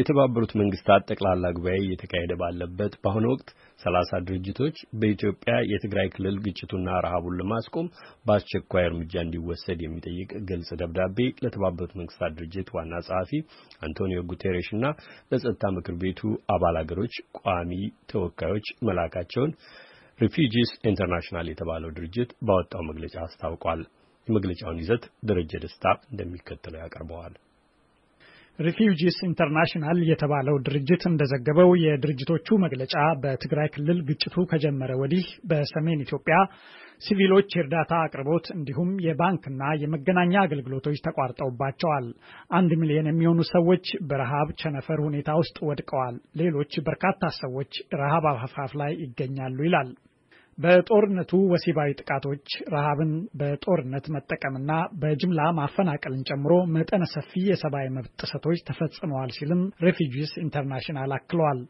የተባበሩት መንግስታት ጠቅላላ ጉባኤ እየተካሄደ ባለበት በአሁኑ ወቅት ሰላሳ ድርጅቶች በኢትዮጵያ የትግራይ ክልል ግጭቱና ረሃቡን ለማስቆም በአስቸኳይ እርምጃ እንዲወሰድ የሚጠይቅ ግልጽ ደብዳቤ ለተባበሩት መንግስታት ድርጅት ዋና ጸሐፊ አንቶኒዮ ጉቴሬሽ እና ለጸጥታ ምክር ቤቱ አባል አገሮች ቋሚ ተወካዮች መላካቸውን ሪፊጂስ ኢንተርናሽናል የተባለው ድርጅት ባወጣው መግለጫ አስታውቋል። የመግለጫውን ይዘት ደረጀ ደስታ እንደሚከተለው ያቀርበዋል። ሪፊውጂስ ኢንተርናሽናል የተባለው ድርጅት እንደዘገበው የድርጅቶቹ መግለጫ በትግራይ ክልል ግጭቱ ከጀመረ ወዲህ በሰሜን ኢትዮጵያ ሲቪሎች የእርዳታ አቅርቦት እንዲሁም የባንክና የመገናኛ አገልግሎቶች ተቋርጠውባቸዋል። አንድ ሚሊዮን የሚሆኑ ሰዎች በረሃብ ቸነፈር ሁኔታ ውስጥ ወድቀዋል። ሌሎች በርካታ ሰዎች ረሃብ አፋፍ ላይ ይገኛሉ ይላል። በጦርነቱ ወሲባዊ ጥቃቶች፣ ረሃብን በጦርነት መጠቀምና በጅምላ ማፈናቀልን ጨምሮ መጠነ ሰፊ የሰብአዊ መብት ጥሰቶች ተፈጽመዋል ሲልም ሬፊጂስ ኢንተርናሽናል አክለዋል።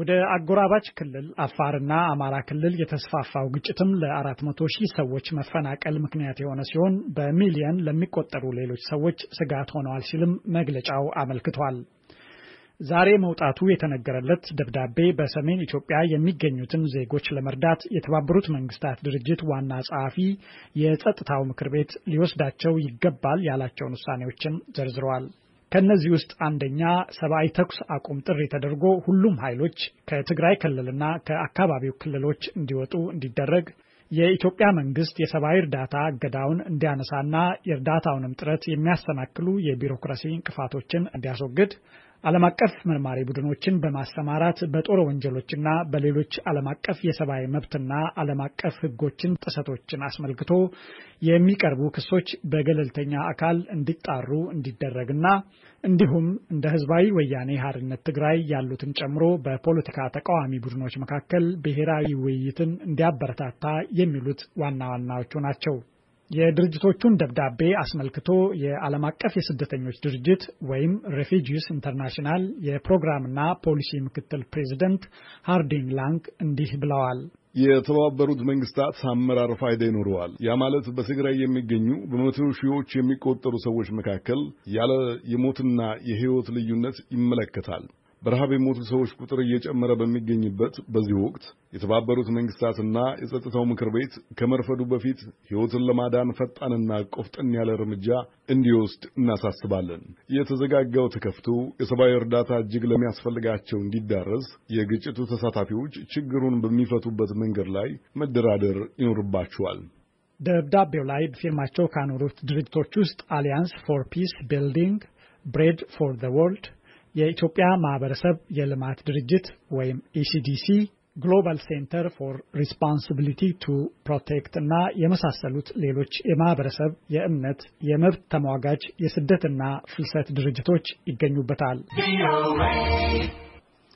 ወደ አጎራባች ክልል አፋርና አማራ ክልል የተስፋፋው ግጭትም ለ400 ሺህ ሰዎች መፈናቀል ምክንያት የሆነ ሲሆን በሚሊየን ለሚቆጠሩ ሌሎች ሰዎች ስጋት ሆነዋል ሲልም መግለጫው አመልክቷል። ዛሬ መውጣቱ የተነገረለት ደብዳቤ በሰሜን ኢትዮጵያ የሚገኙትን ዜጎች ለመርዳት የተባበሩት መንግስታት ድርጅት ዋና ጸሐፊ የጸጥታው ምክር ቤት ሊወስዳቸው ይገባል ያላቸውን ውሳኔዎችን ዘርዝረዋል። ከእነዚህ ውስጥ አንደኛ ሰብአዊ ተኩስ አቁም ጥሪ ተደርጎ ሁሉም ኃይሎች ከትግራይ ክልልና ከአካባቢው ክልሎች እንዲወጡ እንዲደረግ የኢትዮጵያ መንግስት የሰብአዊ እርዳታ እገዳውን እንዲያነሳና የእርዳታውንም ጥረት የሚያሰናክሉ የቢሮክራሲ እንቅፋቶችን እንዲያስወግድ ዓለም አቀፍ መርማሪ ቡድኖችን በማሰማራት በጦር ወንጀሎችና በሌሎች ዓለም አቀፍ የሰብአዊ መብትና ዓለም አቀፍ ሕጎችን ጥሰቶችን አስመልክቶ የሚቀርቡ ክሶች በገለልተኛ አካል እንዲጣሩ እንዲደረግና እንዲሁም እንደ ህዝባዊ ወያኔ ሀርነት ትግራይ ያሉትን ጨምሮ በፖለቲካ ተቃዋሚ ቡድኖች መካከል ብሔራዊ ውይይትን እንዲያበረታታ የሚሉት ዋና ዋናዎቹ ናቸው። የድርጅቶቹን ደብዳቤ አስመልክቶ የዓለም አቀፍ የስደተኞች ድርጅት ወይም ሬፊጂስ ኢንተርናሽናል የፕሮግራምና ፖሊሲ ምክትል ፕሬዚደንት ሃርዲንግ ላንግ እንዲህ ብለዋል። የተባበሩት መንግስታት አመራር ፋይዳ ይኖረዋል። ያ ማለት በትግራይ የሚገኙ በመቶ ሺዎች የሚቆጠሩ ሰዎች መካከል ያለ የሞትና የህይወት ልዩነት ይመለከታል። በረሃብ የሞቱ ሰዎች ቁጥር እየጨመረ በሚገኝበት በዚህ ወቅት የተባበሩት መንግስታትና የጸጥታው ምክር ቤት ከመርፈዱ በፊት ሕይወትን ለማዳን ፈጣንና ቆፍጠን ያለ እርምጃ እንዲወስድ እናሳስባለን። የተዘጋጋው ተከፍቶ የሰብአዊ እርዳታ እጅግ ለሚያስፈልጋቸው እንዲዳረስ የግጭቱ ተሳታፊዎች ችግሩን በሚፈቱበት መንገድ ላይ መደራደር ይኖርባቸዋል። ደብዳቤው ላይ በፊርማቸው ካኖሩት ድርጅቶች ውስጥ አሊያንስ ፎር ፒስ ቢልዲንግ፣ ብሬድ ፎር ዘ ወርልድ የኢትዮጵያ ማህበረሰብ የልማት ድርጅት ወይም ኢሲዲሲ ግሎባል ሴንተር ፎር ሪስፖንሲቢሊቲ ቱ ፕሮቴክት እና የመሳሰሉት ሌሎች የማህበረሰብ፣ የእምነት፣ የመብት ተሟጋች፣ የስደትና ፍልሰት ድርጅቶች ይገኙበታል።